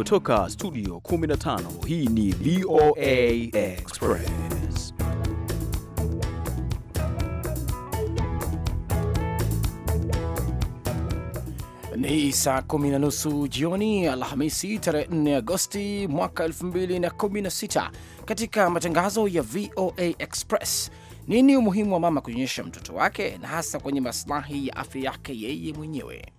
kutoka studio 15 hii ni VOA Express ni saa kumi na nusu jioni Alhamisi tarehe 4 Agosti mwaka 2016 katika matangazo ya VOA Express nini umuhimu wa mama kunyonyesha mtoto wake na hasa kwenye maslahi ya afya yake yeye mwenyewe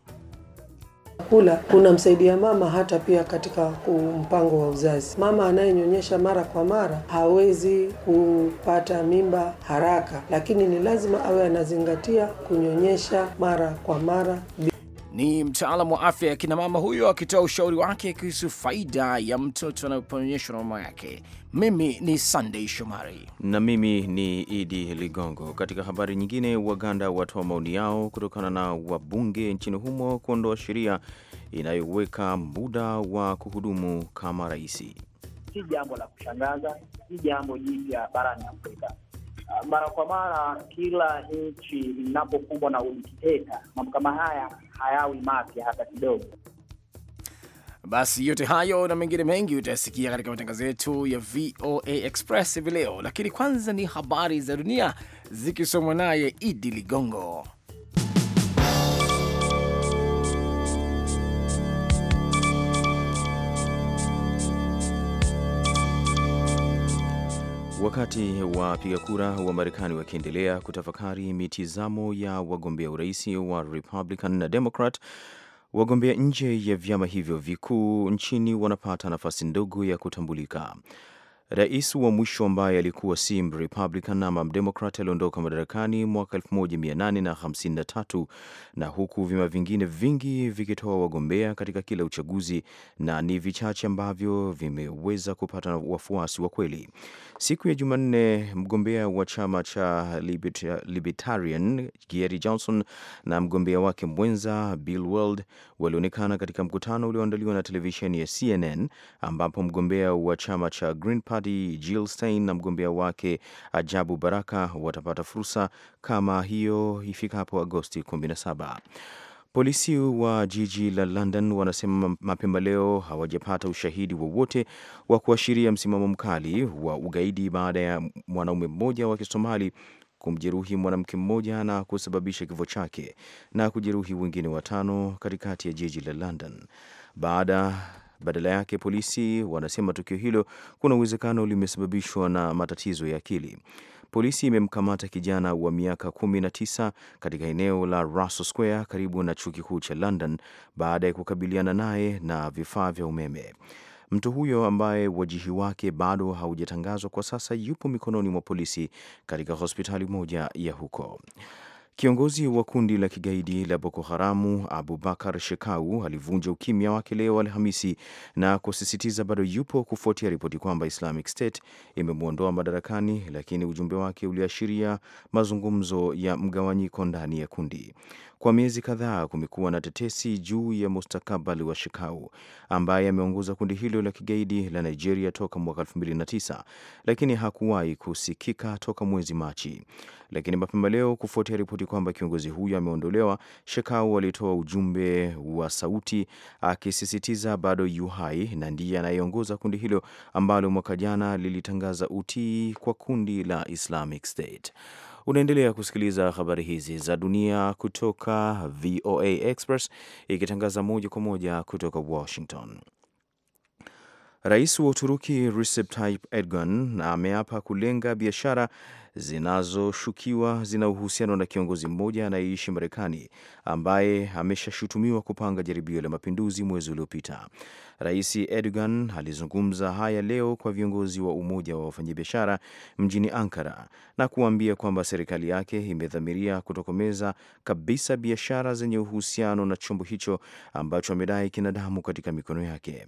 Kula kunamsaidia mama hata pia katika mpango wa uzazi. Mama anayenyonyesha mara kwa mara hawezi kupata mimba haraka, lakini ni lazima awe anazingatia kunyonyesha mara kwa mara. Ni mtaalamu wa afya ya kinamama huyo akitoa ushauri wake kuhusu faida ya mtoto anayoponyeshwa na mama yake. Mimi ni sandey Shomari na mimi ni Idi Ligongo. Katika habari nyingine, Waganda watoa maoni yao kutokana na wabunge nchini humo kuondoa sheria inayoweka muda wa kuhudumu kama raisi Si jambo la kushangaza, si jambo jipya barani Afrika. Ah, mara kwa mara, kila nchi inapokumbwa na udikteta, mambo kama haya hayawi mapya hata kidogo. Basi yote hayo na mengine mengi utayasikia katika matangazo yetu ya VOA Express hivi leo, lakini kwanza ni habari za dunia zikisomwa naye Idi Ligongo. Wakati wapiga kura wa Marekani wakiendelea kutafakari mitizamo ya wagombea urais wa Republican na Democrat, wagombea nje ya vyama hivyo vikuu nchini wanapata nafasi ndogo ya kutambulika. Rais wa mwisho ambaye alikuwa si Republican ama Democrat aliondoka madarakani mwaka 1853 na huku vyama vingine vingi vikitoa wagombea katika kila uchaguzi, na ni vichache ambavyo vimeweza kupata wafuasi wa kweli. Siku ya Jumanne, mgombea wa chama cha Libertarian Gary Johnson na mgombea wake mwenza Bill Weld walionekana katika mkutano ulioandaliwa na televisheni ya CNN ambapo mgombea wa chama cha Green Party hadi Gilstein na mgombea wake Ajabu Baraka watapata fursa kama hiyo ifikapo Agosti 17. Polisi wa jiji la London wanasema mapema leo hawajapata ushahidi wowote wa kuashiria msimamo mkali wa ugaidi baada ya mwanaume mmoja wa Kisomali kumjeruhi mwanamke mmoja na kusababisha kifo chake na kujeruhi wengine watano katikati ya jiji la London. Baada badala yake, polisi wanasema tukio hilo kuna uwezekano limesababishwa na matatizo ya akili. Polisi imemkamata kijana wa miaka 19 katika eneo la Russell Square karibu na chuo kikuu cha London baada ya kukabiliana naye na vifaa vya umeme. Mtu huyo ambaye wajihi wake bado haujatangazwa kwa sasa yupo mikononi mwa polisi katika hospitali moja ya huko. Kiongozi wa kundi la kigaidi la Boko Haramu Abubakar Shekau alivunja ukimya wake leo Alhamisi na kusisitiza bado yupo kufuatia ripoti kwamba Islamic State imemwondoa madarakani, lakini ujumbe wake uliashiria mazungumzo ya mgawanyiko ndani ya kundi. Kwa miezi kadhaa kumekuwa na tetesi juu ya mustakabali wa Shekau ambaye ameongoza kundi hilo la kigaidi la Nigeria toka mwaka 2009 lakini hakuwahi kusikika toka mwezi Machi. Lakini mapema leo, kufuatia ripoti kwamba kiongozi huyo ameondolewa, Shekau alitoa ujumbe wa sauti akisisitiza bado yuhai na ndiye anayeongoza kundi hilo ambalo mwaka jana lilitangaza utii kwa kundi la Islamic State. Unaendelea kusikiliza habari hizi za dunia kutoka VOA Express ikitangaza moja kwa moja kutoka Washington. Rais wa Uturuki Recep Tayyip Erdogan ameapa kulenga biashara zinazoshukiwa zina uhusiano na kiongozi mmoja anayeishi Marekani ambaye ameshashutumiwa kupanga jaribio la mapinduzi mwezi uliopita. Rais Erdogan alizungumza haya leo kwa viongozi wa Umoja wa Wafanyabiashara mjini Ankara na kuambia kwamba serikali yake imedhamiria kutokomeza kabisa biashara zenye uhusiano na chombo hicho ambacho amedai kina damu katika mikono yake.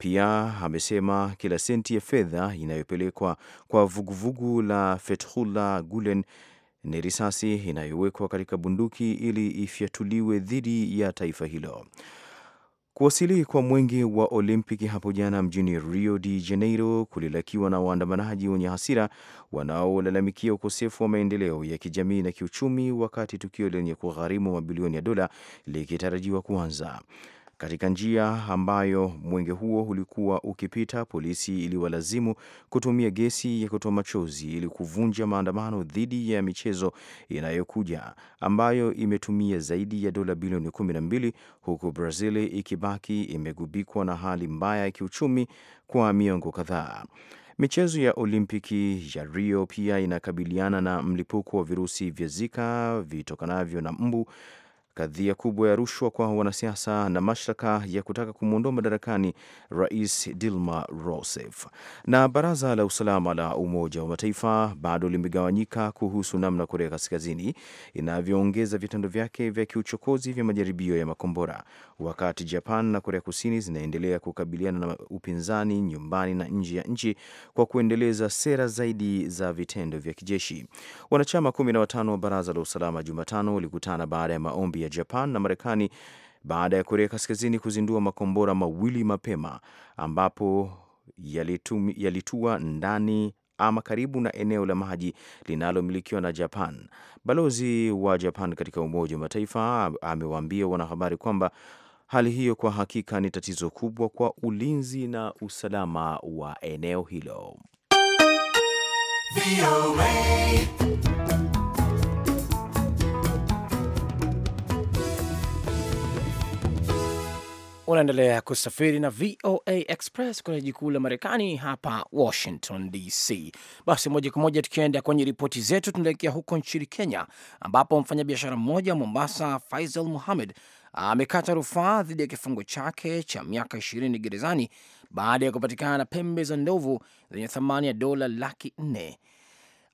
Pia amesema kila senti ya fedha inayopelekwa kwa vuguvugu vugu la Fethullah Gulen ni risasi inayowekwa katika bunduki ili ifyatuliwe dhidi ya taifa hilo. Kuwasili kwa mwenge wa Olimpiki hapo jana mjini Rio de Janeiro kulilakiwa na waandamanaji wenye hasira wanaolalamikia ukosefu wa maendeleo ya kijamii na kiuchumi, wakati tukio lenye kugharimu mabilioni ya dola likitarajiwa kuanza. Katika njia ambayo mwenge huo ulikuwa ukipita, polisi iliwalazimu kutumia gesi ya kutoa machozi ili kuvunja maandamano dhidi ya michezo inayokuja ambayo imetumia zaidi ya dola bilioni 12 huku Brazil ikibaki imegubikwa na hali mbaya ya kiuchumi kwa miongo kadhaa. Michezo ya Olimpiki ya Rio pia inakabiliana na mlipuko wa virusi vya Zika vitokanavyo na mbu kadhia kubwa ya rushwa kwa wanasiasa na mashtaka ya kutaka kumwondoa madarakani Rais Dilma Rousseff. Na baraza la usalama la Umoja wa Mataifa bado limegawanyika kuhusu namna Korea Kaskazini inavyoongeza vitendo vyake vya kiuchokozi vya majaribio ya makombora, wakati Japan na Korea Kusini zinaendelea kukabiliana na upinzani nyumbani na nje ya nchi kwa kuendeleza sera zaidi za vitendo vya kijeshi. Wanachama 15 wa baraza la usalama Jumatano walikutana baada ya maombi ya ya Japan na Marekani baada ya Korea Kaskazini kuzindua makombora mawili mapema ambapo yalitum, yalitua ndani ama karibu na eneo la maji linalomilikiwa na Japan. Balozi wa Japan katika Umoja wa Mataifa amewaambia wanahabari kwamba hali hiyo kwa hakika ni tatizo kubwa kwa ulinzi na usalama wa eneo hilo. Unaendelea kusafiri na VOA Express kwenye jiji kuu la Marekani hapa Washington DC. Basi moja kwa moja tukienda kwenye ripoti zetu, tunaelekea huko nchini Kenya ambapo mfanyabiashara mmoja Mombasa, Faisal Muhamed amekata rufaa dhidi ya kifungo chake cha miaka ishirini gerezani baada ya kupatikana na pembe za ndovu zenye thamani ya dola laki nne.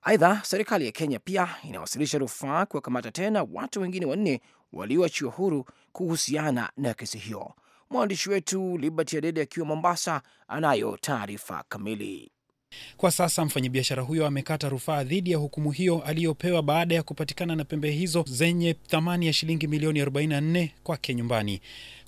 Aidha, serikali ya Kenya pia inawasilisha rufaa kuwakamata tena watu wengine wanne walioachiwa huru kuhusiana na kesi hiyo. Mwandishi wetu Liberty Adede akiwa Mombasa anayo taarifa kamili. Kwa sasa mfanyabiashara huyo amekata rufaa dhidi ya hukumu hiyo aliyopewa baada ya kupatikana na pembe hizo zenye thamani ya shilingi milioni 44 kwake nyumbani.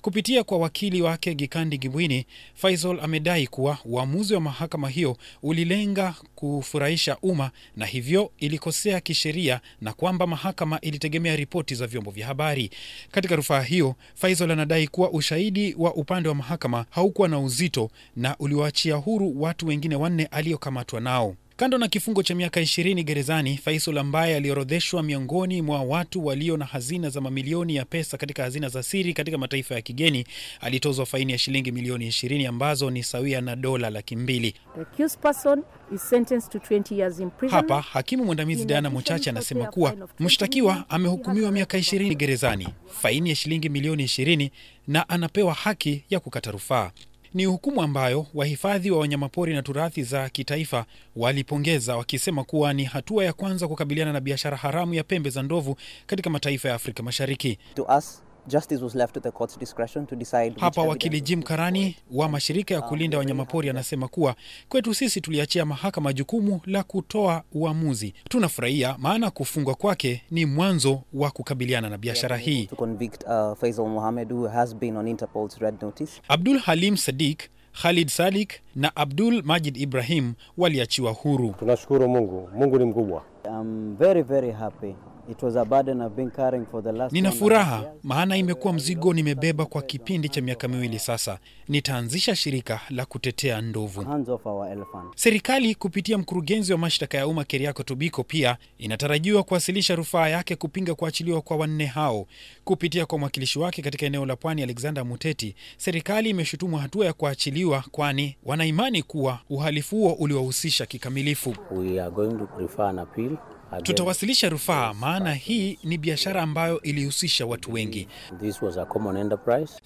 Kupitia kwa wakili wake Gikandi Gibwini, Faisal amedai kuwa uamuzi wa mahakama hiyo ulilenga kufurahisha umma na hivyo ilikosea kisheria na kwamba mahakama ilitegemea ripoti za vyombo vya habari. Katika rufaa hiyo, Faisal anadai kuwa ushahidi wa upande wa mahakama haukuwa na uzito na uliwaachia huru watu wengine wanne aliyokamatwa nao. Kando na kifungo cha miaka 20 gerezani, Faisal ambaye aliorodheshwa miongoni mwa watu walio na hazina za mamilioni ya pesa katika hazina za siri katika mataifa ya kigeni alitozwa faini ya shilingi milioni 20 ambazo ni sawia na dola laki mbili. Hapa hakimu mwandamizi Diana Mochache anasema kuwa mshtakiwa amehukumiwa miaka 20 gerezani, faini ya shilingi milioni 20 na anapewa haki ya kukata rufaa. Ni hukumu ambayo wahifadhi wa wanyamapori na turathi za kitaifa walipongeza wakisema kuwa ni hatua ya kwanza kukabiliana na biashara haramu ya pembe za ndovu katika mataifa ya Afrika Mashariki. To us, hapa wakili Jim Karani wa mashirika ya kulinda ah, wanyamapori anasema kuwa kwetu sisi tuliachia mahakama jukumu la kutoa uamuzi. Tunafurahia maana kufungwa kwake ni mwanzo wa kukabiliana na biashara hii. Uh, Abdul Halim sadik Khalid sadik na Abdul Majid Ibrahim waliachiwa huru. Tunashukuru Mungu. Mungu ni mkubwa. I'm very, very happy. Nina furaha maana imekuwa mzigo nimebeba kwa kipindi cha miaka miwili sasa. Nitaanzisha shirika la kutetea ndovu. Serikali kupitia mkurugenzi wa mashtaka ya umma Keriako Tobiko pia inatarajiwa kuwasilisha rufaa yake kupinga kuachiliwa kwa wanne hao. Kupitia kwa mwakilishi wake katika eneo la pwani Alexander Muteti, serikali imeshutumu hatua ya kuachiliwa, kwani wanaimani kuwa uhalifu huo uliwahusisha kikamilifu. We are going to Tutawasilisha rufaa, maana hii ni biashara ambayo ilihusisha watu wengi.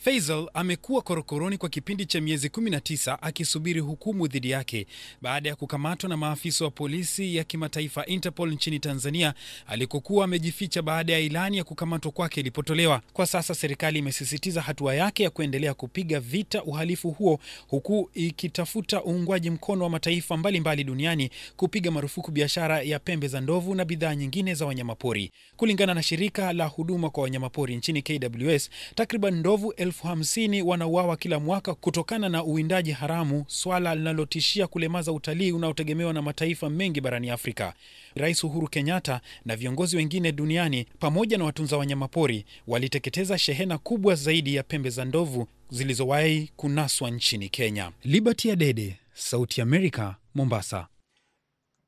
Faisal amekuwa korokoroni kwa kipindi cha miezi 19 akisubiri hukumu dhidi yake baada ya kukamatwa na maafisa wa polisi ya kimataifa Interpol nchini Tanzania alikokuwa amejificha baada ya ilani ya kukamatwa kwake ilipotolewa. Kwa sasa serikali imesisitiza hatua yake ya kuendelea kupiga vita uhalifu huo huku ikitafuta uungwaji mkono wa mataifa mbalimbali mbali duniani kupiga marufuku biashara ya pembe za ndovu ndovu na bidhaa nyingine za wanyamapori. Kulingana na shirika la huduma kwa wanyamapori nchini KWS, takriban ndovu elfu hamsini wanauawa kila mwaka kutokana na uwindaji haramu, swala linalotishia kulemaza utalii unaotegemewa na mataifa mengi barani Afrika. Rais Uhuru Kenyatta na viongozi wengine duniani pamoja na watunza wanyamapori waliteketeza shehena kubwa zaidi ya pembe za ndovu zilizowahi kunaswa nchini Kenya. Liberty Adede, Sauti ya Amerika, Mombasa.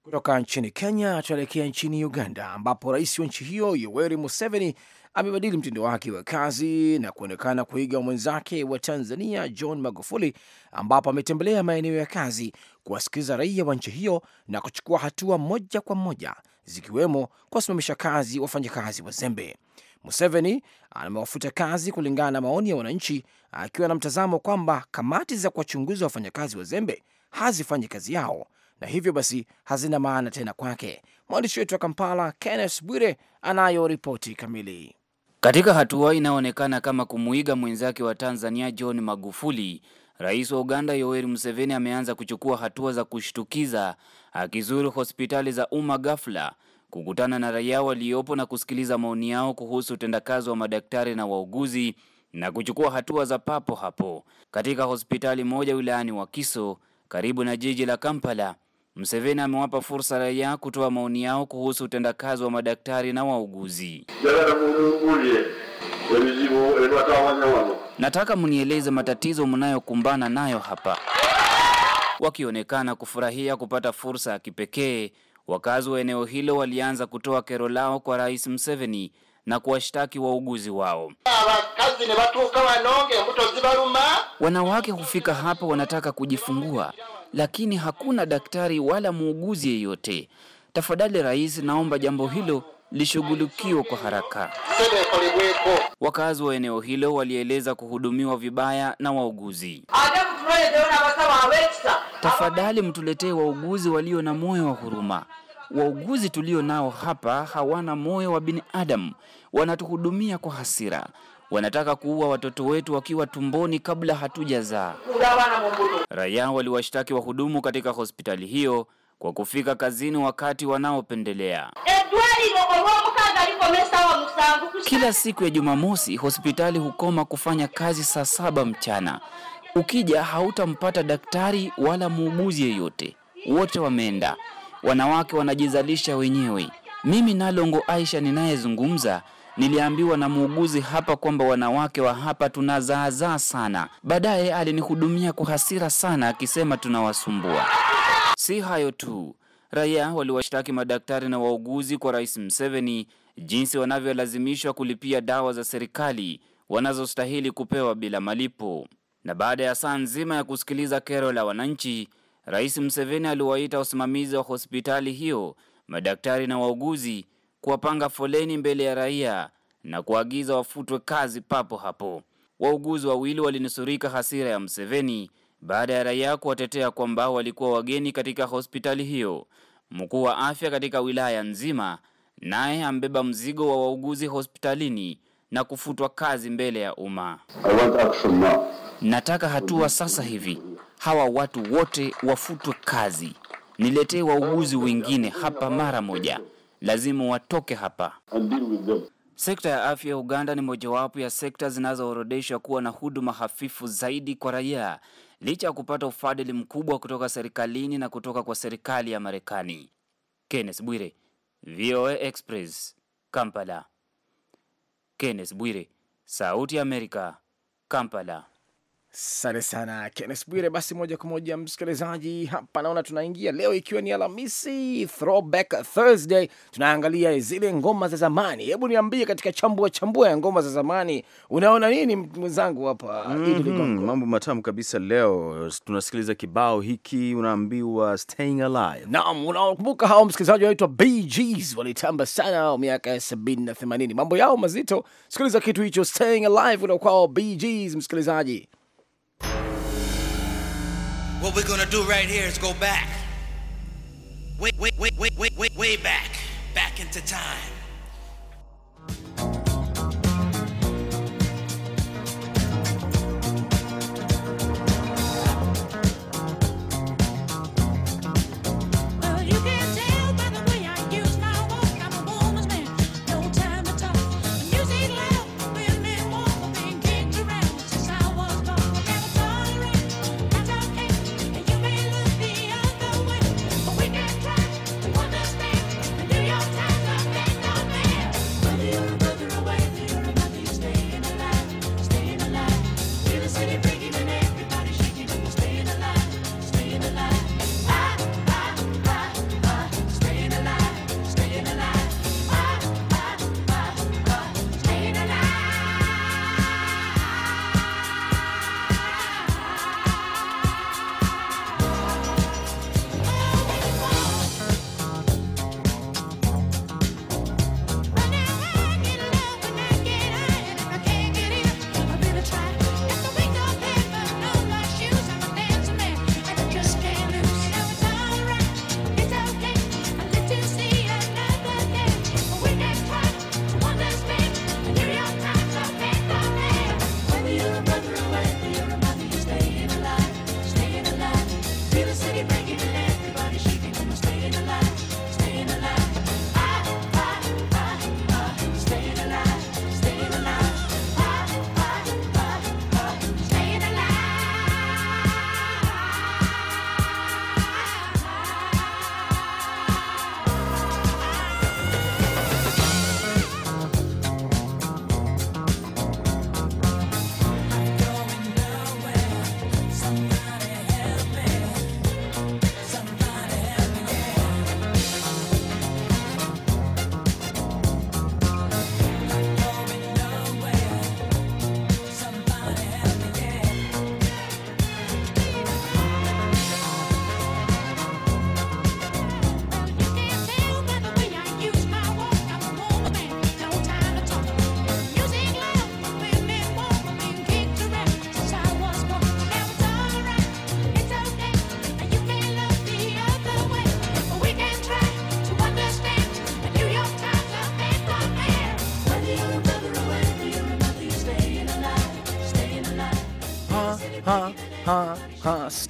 Kutoka nchini Kenya tuelekea nchini Uganda, ambapo rais wa nchi hiyo Yoweri Museveni amebadili mtindo wake wa kazi na kuonekana kuiga mwenzake wa Tanzania John Magufuli, ambapo ametembelea maeneo ya kazi kuwasikiliza raia wa nchi hiyo na kuchukua hatua moja kwa moja, zikiwemo kuwasimamisha kazi wafanyakazi wazembe. Museveni amewafuta kazi kulingana na maoni ya wananchi, akiwa na mtazamo kwamba kamati za kuwachunguza wafanyakazi wazembe hazifanyi kazi yao na hivyo basi hazina maana tena kwake. Mwandishi wetu wa Kampala, Kenneth Bwire, anayo ripoti kamili. Katika hatua inayoonekana kama kumuiga mwenzake wa Tanzania John Magufuli, Rais wa Uganda Yoweri Museveni ameanza kuchukua hatua za kushtukiza, akizuru hospitali za umma ghafla, kukutana na raia waliopo na kusikiliza maoni yao kuhusu utendakazi wa madaktari na wauguzi na kuchukua hatua za papo hapo. Katika hospitali moja wilayani Wakiso, karibu na jiji la Kampala. Mseveni amewapa fursa raia kutoa maoni yao kuhusu utendakazi wa madaktari na wauguzi. Nataka mnieleze matatizo mnayokumbana nayo hapa. Wakionekana kufurahia kupata fursa ya kipekee, wakazi wa eneo hilo walianza kutoa kero lao kwa Rais Mseveni na kuwashtaki wauguzi wao. Wanawake hufika hapa wanataka kujifungua, lakini hakuna daktari wala muuguzi yeyote. Tafadhali Rais, naomba jambo hilo lishughulikiwe kwa haraka. Wakazi wa eneo hilo walieleza kuhudumiwa vibaya na wauguzi. Tafadhali mtuletee wauguzi walio na moyo wa huruma Wauguzi tulio nao hapa hawana moyo wa binadamu, wanatuhudumia kwa hasira. Wanataka kuua watoto wetu wakiwa tumboni kabla hatujazaa. Raia waliwashtaki wahudumu katika hospitali hiyo kwa kufika kazini wakati wanaopendelea. Kila siku ya Jumamosi hospitali hukoma kufanya kazi saa saba mchana. Ukija hautampata daktari wala muuguzi yeyote, wote wameenda wanawake wanajizalisha wenyewe. Mimi Nalongo Aisha ninayezungumza niliambiwa na muuguzi hapa kwamba wanawake wa hapa tunazaazaa sana. Baadaye alinihudumia kwa hasira sana, akisema tunawasumbua. Si hayo tu, raia waliwashtaki madaktari na wauguzi kwa Rais Mseveni jinsi wanavyolazimishwa kulipia dawa za serikali wanazostahili kupewa bila malipo. Na baada ya saa nzima ya kusikiliza kero la wananchi Rais Museveni aliwaita wasimamizi wa hospitali hiyo, madaktari na wauguzi kuwapanga foleni mbele ya raia na kuagiza wafutwe kazi papo hapo. Wauguzi wawili walinusurika hasira ya Museveni baada ya raia kuwatetea kwamba walikuwa wageni katika hospitali hiyo. Mkuu wa afya katika wilaya nzima naye ambeba mzigo wa wauguzi hospitalini na kufutwa kazi mbele ya umma. Nataka hatua sasa hivi hawa watu wote wafutwe kazi. Niletee wauguzi wengine hapa mara moja, lazima watoke hapa. Sekta ya afya ya Uganda ni mojawapo ya sekta zinazoorodeshwa kuwa na huduma hafifu zaidi kwa raia, licha ya kupata ufadhili mkubwa kutoka serikalini na kutoka kwa serikali ya Marekani. Kenneth Bwire, VOA Express, Kampala. Kenneth Bwire, Sauti ya Amerika, Kampala. Asante sana Kennes Bwire. Basi moja kwa moja, msikilizaji, hapa naona tunaingia leo, ikiwa ni Alhamisi, throwback Thursday, tunaangalia zile ngoma za zamani. Hebu niambie, katika chambua chambua ya ngoma za zamani unaona nini mwenzangu hapa? mm -hmm. Mambo matamu kabisa. Leo tunasikiliza kibao hiki, unaambiwa staying alive. Naam, unakumbuka hao msikilizaji, wanaitwa BGs, walitamba sana miaka ya sabini na themanini, mambo yao mazito. Sikiliza kitu hicho, staying alive, unakwao BGs, msikilizaji. What we're gonna do right here is go back. Way, way, way, way, way, way, back. Back into time.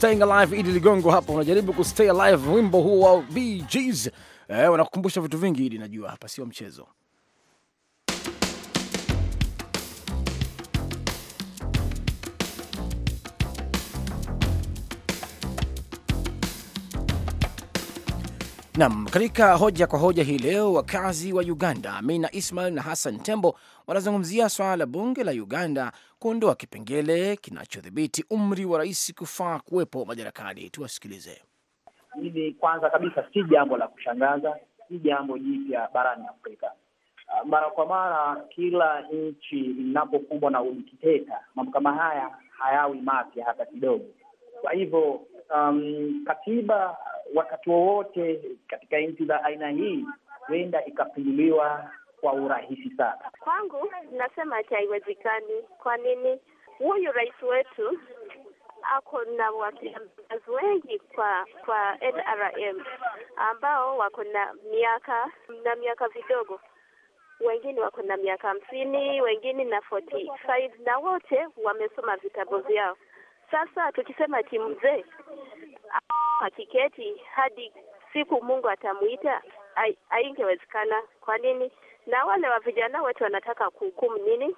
Staying Alive, Idi Ligongo hapa unajaribu kustay alive, wimbo huo wa BG's eh, unakukumbusha vitu vingi Idi, najua hapa sio mchezo. Nam, katika hoja kwa hoja hii leo, wakazi wa Uganda Amina Ismail na Hassan Tembo wanazungumzia swala la bunge la Uganda kuondoa kipengele kinachodhibiti umri wa rais kufaa kuwepo madarakani. Tuwasikilize. Hili kwanza kabisa si jambo la kushangaza, si jambo jipya barani Afrika. Ah, mara kwa mara, kila nchi inapokumbwa na udikteta, mambo kama haya hayawi mapya hata kidogo. Kwa hivyo um, katiba wakati wowote katika nchi za aina hii huenda ikapinduliwa kwa urahisi sana. Kwangu nasema ati haiwezekani. Kwa nini? Huyu rais wetu ako na wakiambazi wengi kwa kwa NRM ambao wako na miaka na miaka vidogo, wengine wako na miaka hamsini, wengine na 45 na wote wamesoma vitabu vyao. Sasa tukisema ati mzee akiketi hadi siku Mungu atamuita, haingewezekana. Kwa nini? Na wale wa vijana wetu wanataka kuhukumu nini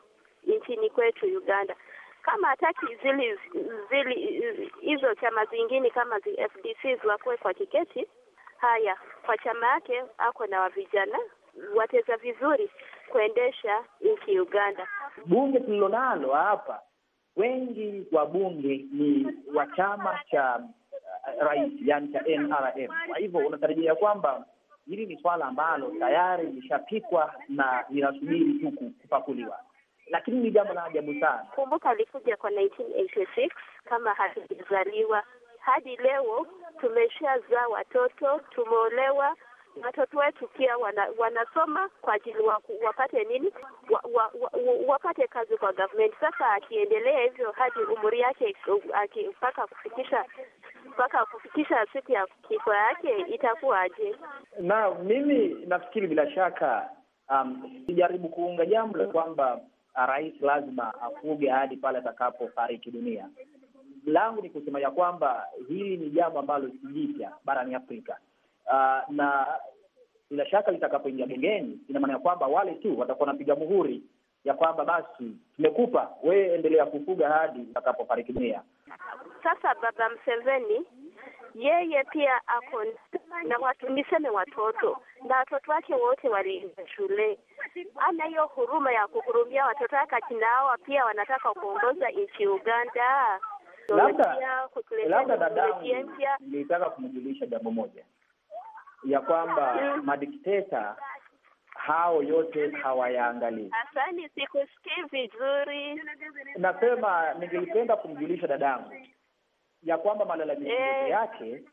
nchini kwetu Uganda? Kama hataki zili zili hizo chama zingine kama zi FDC ziwakuwe kwa kiketi, haya kwa chama yake ako na wavijana wateza vizuri kuendesha nchi Uganda. Bunge tulilonalo hapa wengi wa bunge ni wa chama cha rais, yani cha NRM. Kwa hivyo unatarajia kwamba hili ni swala ambalo tayari lishapikwa na linasubiri tu kupakuliwa, lakini ni jambo la ajabu sana. Kumbuka alikuja kwa 1986 kama hakizaliwa hadi leo, tumeshazaa watoto, tumeolewa watoto wetu pia wana, wanasoma kwa ajili wa, wapate nini wa, wa, wa, wapate kazi kwa government. Sasa akiendelea hivyo hadi umri yake mpaka kufikisha mpaka kufikisha siku ya kifo yake itakuwaje? Na mimi nafikiri bila shaka um, sijaribu um, kuunga jambo la kwamba uh, rais lazima afuge hadi pale atakapofariki dunia. Langu ni kusema ya kwamba hili ni jambo ambalo si jipya barani Afrika. Uh, na bila shaka litakapoingia bungeni, ina maana ya kwamba wale tu watakuwa wanapiga muhuri ya kwamba basi tumekupa wewe, endelea kufuga hadi utakapofariki dunia. Sasa baba Mseveni yeye pia ako na watu, niseme watoto na watoto wake wote walienda shule. Ana hiyo huruma ya kuhurumia watoto wake, akina hawa pia wanataka kuongoza nchi Uganda. Labda labda dada, nilitaka kumjulisha jambo moja ya kwamba mm. madikteta hao yote hawayaangalii. Hasani, sikusikii vizuri. Nasema ningelipenda kumjulisha dadangu ya kwamba malalamiko eh. yote yake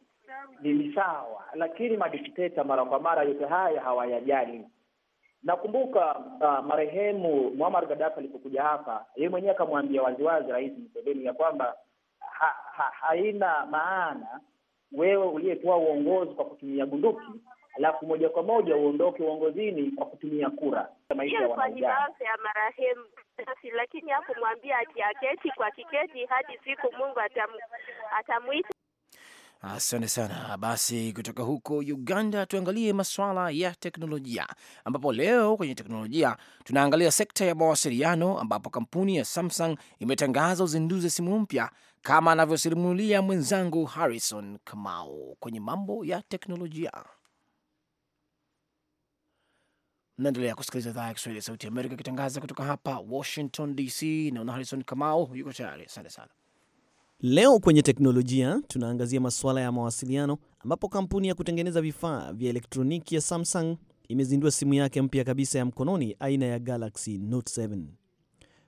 ni sawa, lakini madikteta mara kwa mara yote haya hawayajali. Nakumbuka uh, marehemu Muammar Gaddafi alipokuja hapa, yeye mwenyewe akamwambia waziwazi Rais Museveni ya kwamba ha, ha, haina maana wewe uliyetoa uongozi kwa kutumia bunduki alafu moja kwa moja uondoke uongozini kwa kutumia kura. ya marehemu lakini hakumwambia akiaketi kwa kiketi hadi siku Mungu atamwita. Asante sana. Basi kutoka huko Uganda tuangalie masuala ya teknolojia, ambapo leo kwenye teknolojia tunaangalia sekta ya mawasiliano, ambapo kampuni ya Samsung imetangaza uzinduzi wa simu mpya, kama anavyosimulia mwenzangu Harrison Kamau kwenye mambo ya teknolojia. Naendelea kusikiliza idhaa ya Kiswahili ya Sauti Amerika ikitangaza kutoka hapa Washington DC. Naona Harrison Kamau yuko tayari. Asante sana. Leo kwenye teknolojia tunaangazia masuala ya mawasiliano, ambapo kampuni ya kutengeneza vifaa vya elektroniki ya Samsung imezindua simu yake mpya kabisa ya mkononi aina ya Galaxy Note 7.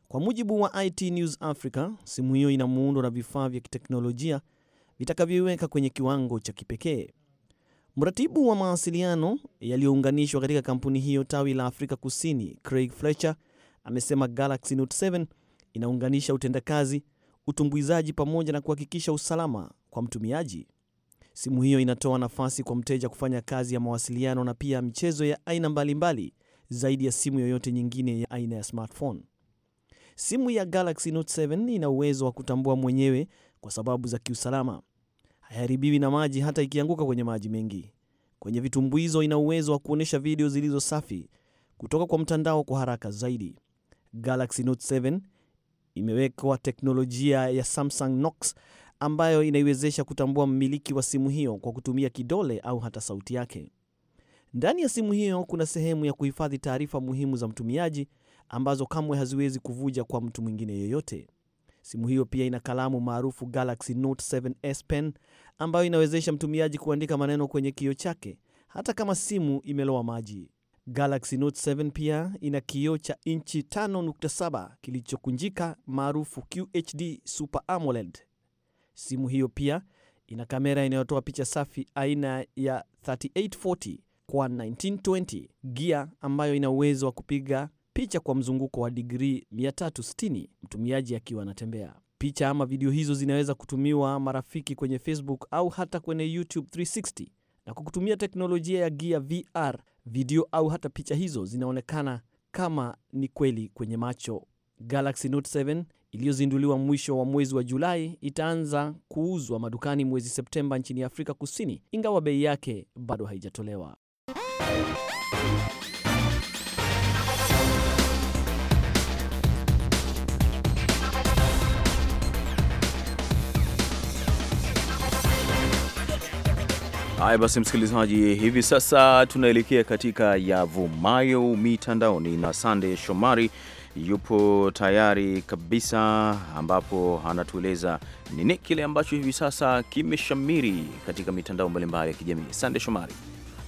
Kwa mujibu wa IT News Africa, simu hiyo ina muundo na vifaa vya kiteknolojia vitakavyoiweka kwenye kiwango cha kipekee. Mratibu wa mawasiliano yaliyounganishwa katika kampuni hiyo tawi la Afrika Kusini, Craig Fletcher amesema Galaxy Note 7 inaunganisha utendakazi, utumbuizaji pamoja na kuhakikisha usalama kwa mtumiaji. Simu hiyo inatoa nafasi kwa mteja kufanya kazi ya mawasiliano na pia michezo ya aina mbalimbali zaidi ya simu yoyote nyingine ya aina ya smartphone. Simu ya Galaxy Note 7 ina uwezo wa kutambua mwenyewe kwa sababu za kiusalama hayaribiwi na maji hata ikianguka kwenye maji mengi. Kwenye vitumbuizo ina uwezo wa kuonyesha video zilizo safi kutoka kwa mtandao kwa haraka zaidi. Galaxy Note 7 imewekwa teknolojia ya Samsung Knox ambayo inaiwezesha kutambua mmiliki wa simu hiyo kwa kutumia kidole au hata sauti yake. Ndani ya simu hiyo kuna sehemu ya kuhifadhi taarifa muhimu za mtumiaji ambazo kamwe haziwezi kuvuja kwa mtu mwingine yoyote. Simu hiyo pia ina kalamu maarufu Galaxy Note 7 S Pen ambayo inawezesha mtumiaji kuandika maneno kwenye kio chake hata kama simu imelowa maji. Galaxy Note 7 pia ina kioo cha inchi 5.7 kilichokunjika maarufu QHD Super AMOLED. Simu hiyo pia ina kamera inayotoa picha safi aina ya 3840 kwa 1920 gia ambayo ina uwezo wa kupiga picha kwa mzunguko wa digrii 360 mtumiaji akiwa anatembea. Picha ama video hizo zinaweza kutumiwa marafiki kwenye Facebook au hata kwenye YouTube 360 na kwa kutumia teknolojia ya gia VR, video au hata picha hizo zinaonekana kama ni kweli kwenye macho. Galaxy Note 7 iliyozinduliwa mwisho wa mwezi wa Julai itaanza kuuzwa madukani mwezi Septemba nchini Afrika Kusini, ingawa bei yake bado haijatolewa. Haya basi, msikilizaji, hivi sasa tunaelekea katika yavumayo mitandaoni na Sande Shomari yupo tayari kabisa, ambapo anatueleza nini kile ambacho hivi sasa kimeshamiri katika mitandao mbalimbali ya kijamii. Sande Shomari.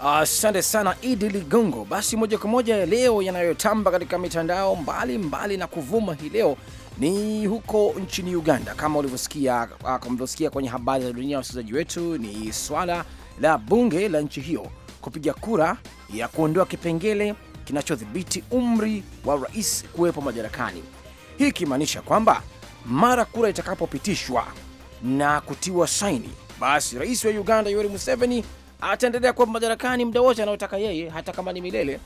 Asante uh, sana Idi Ligongo. Basi moja kwa moja leo yanayotamba katika mitandao mbalimbali mbali na kuvuma hii leo ni huko nchini Uganda, kama ulivyosikia uh, kwenye habari za dunia, wasikilizaji wetu, ni swala la bunge la nchi hiyo kupiga kura ya kuondoa kipengele kinachodhibiti umri wa rais kuwepo madarakani, hii ikimaanisha kwamba mara kura itakapopitishwa na kutiwa saini, basi rais wa Uganda Yoweri Museveni ataendelea kuwepo madarakani muda wote anayotaka yeye, hata kama ni milele.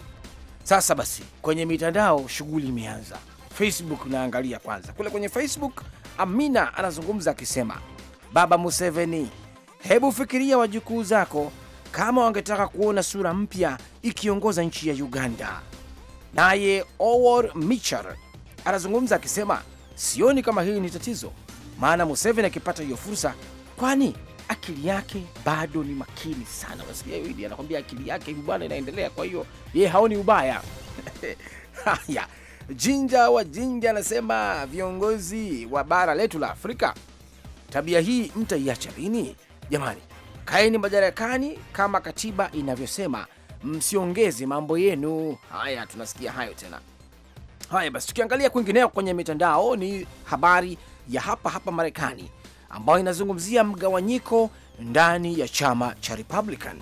Sasa basi, kwenye mitandao shughuli imeanza. Facebook naangalia kwanza kule kwenye Facebook, Amina anazungumza akisema, Baba Museveni Hebu fikiria wajukuu zako kama wangetaka kuona sura mpya ikiongoza nchi ya Uganda. Naye Owor Michar anazungumza akisema, sioni kama hili ni tatizo, maana Museveni akipata hiyo fursa, kwani akili yake bado ni makini sana. Unasikia anakwambia akili yake hivi bwana inaendelea, kwa hiyo ye haoni ubaya. Haya, Jinja wa Jinja anasema, viongozi wa bara letu la Afrika, tabia hii mtaiacha lini? jamani, kaeni madarakani kama katiba inavyosema, msiongeze mambo yenu haya. Tunasikia hayo tena. Haya basi, tukiangalia kwingineo kwenye mitandao, ni habari ya hapa hapa Marekani ambayo inazungumzia mgawanyiko ndani ya chama cha Republican.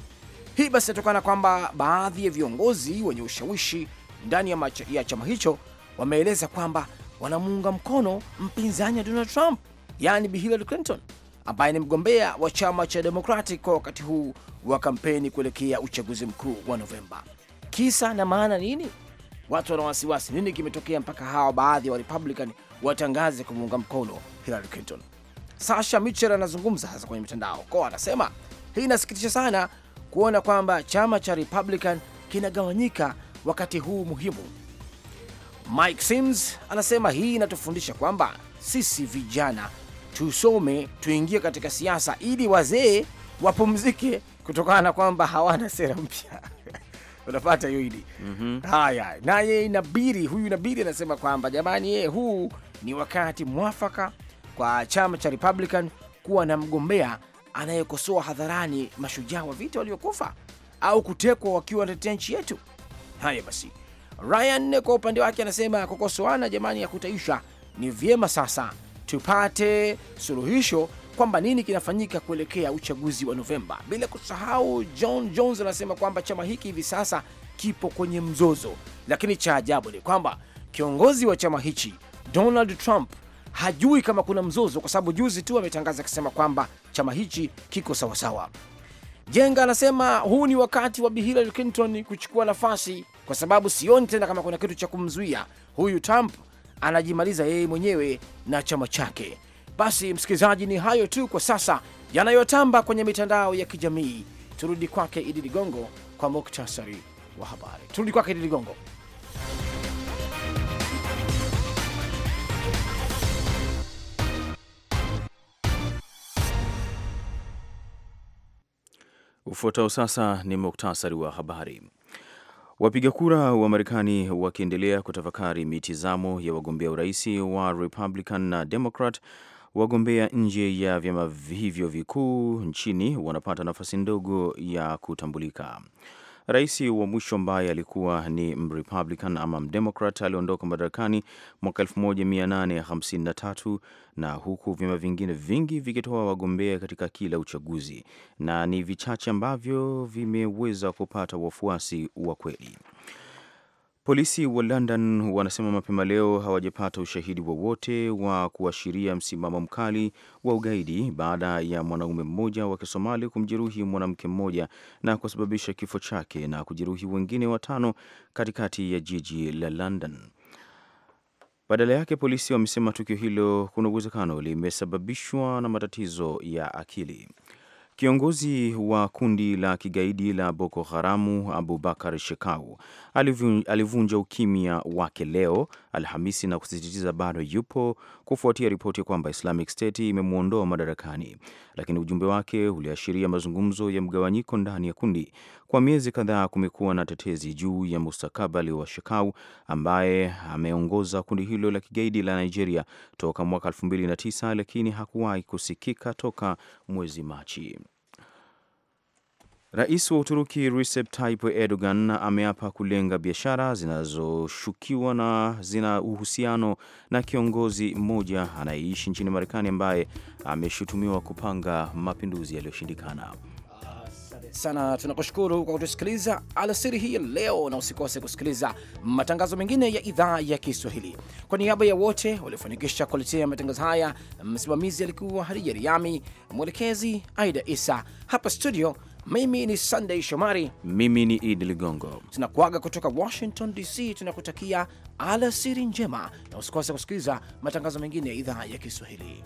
Hii basi inatokana kwamba baadhi ya viongozi wenye ushawishi ndani ya, ya chama hicho wameeleza kwamba wanamuunga mkono mpinzani wa Donald Trump, yaani Bi Hillary Clinton ambaye ni mgombea wa chama cha Democratic kwa wakati huu wa kampeni kuelekea uchaguzi mkuu wa Novemba. Kisa na maana nini? Watu wana wasiwasi nini kimetokea mpaka hawa baadhi ya wa Republican watangaze kumuunga mkono Hillary Clinton? Sasha Mitchell anazungumza hasa kwenye mitandao ko, anasema hii inasikitisha sana kuona kwamba chama cha Republican kinagawanyika wakati huu muhimu. Mike Sims anasema hii inatufundisha kwamba sisi vijana tusome, tuingie katika siasa ili wazee wapumzike kutokana na kwamba hawana sera mpya. Unapata hiyo idi. mm -hmm. naye Nabiri, huyu Nabiri anasema kwamba jamani, ye eh, huu ni wakati mwafaka kwa chama cha Republican kuwa na mgombea anayekosoa hadharani mashujaa wa vita waliokufa au kutekwa wakiwa wanatetea nchi yetu. Haya basi, Ryan kwa upande wake anasema kukosoana, jamani, ya kutaisha ni vyema sasa tupate suluhisho kwamba nini kinafanyika kuelekea uchaguzi wa Novemba. Bila kusahau, John Jones anasema kwamba chama hiki hivi sasa kipo kwenye mzozo, lakini cha ajabu ni kwamba kiongozi wa chama hichi Donald Trump hajui kama kuna mzozo, kwa sababu juzi tu ametangaza akisema kwamba chama hichi kiko sawasawa. Jenga anasema huu ni wakati wa Bi Hillary Clinton kuchukua nafasi, kwa sababu sioni tena kama kuna kitu cha kumzuia huyu Trump anajimaliza yeye mwenyewe na chama chake. Basi msikilizaji, ni hayo tu kwa sasa yanayotamba kwenye mitandao ya kijamii. Turudi kwake Idi Ligongo kwa muktasari wa habari. Turudi kwake Idi Ligongo. Ufuatao sasa ni muktasari wa habari. Wapiga kura wa Marekani wakiendelea kutafakari mitizamo ya wagombea urais wa Republican na Democrat, wagombea nje ya vyama hivyo vikuu nchini wanapata nafasi ndogo ya kutambulika. Rais wa mwisho ambaye alikuwa ni Mrepublican ama Mdemokrat aliondoka madarakani mwaka 1853 na huku vyama vingine vingi vikitoa wagombea katika kila uchaguzi, na ni vichache ambavyo vimeweza kupata wafuasi wa kweli. Polisi wa London wanasema mapema leo hawajapata ushahidi wowote wa, wa kuashiria msimamo mkali wa ugaidi baada ya mwanaume mmoja wa Kisomali kumjeruhi mwanamke mmoja na kusababisha kifo chake na kujeruhi wengine watano katikati ya jiji la London. Badala yake polisi wamesema tukio hilo kuna uwezekano limesababishwa na matatizo ya akili. Kiongozi wa kundi la kigaidi la Boko Haramu Abubakar Shekau alivunja ukimya wake leo Alhamisi na kusisitiza bado yupo, kufuatia ripoti kwamba Islamic State imemwondoa madarakani, lakini ujumbe wake uliashiria mazungumzo ya mgawanyiko ndani ya kundi. Kwa miezi kadhaa kumekuwa na tetezi juu ya mustakabali wa Shekau ambaye ameongoza kundi hilo la kigaidi la Nigeria toka mwaka 2009 lakini hakuwahi kusikika toka mwezi Machi. Rais wa Uturuki Recep Tayyip Erdogan ameapa kulenga biashara zinazoshukiwa na zina uhusiano na kiongozi mmoja anayeishi nchini Marekani ambaye ameshutumiwa kupanga mapinduzi yaliyoshindikana sana. Tunakushukuru kwa kutusikiliza alasiri hii leo, na usikose kusikiliza matangazo mengine ya idhaa ya Kiswahili. Kwa niaba ya wote waliofanikisha kuletea matangazo haya, msimamizi alikuwa Hadija Riami, mwelekezi Aida Isa. Hapa studio, mimi ni Sunday Shomari, mimi ni Idi Ligongo. Tunakuaga kutoka Washington DC, tunakutakia alasiri njema, na usikose kusikiliza matangazo mengine ya idhaa ya Kiswahili.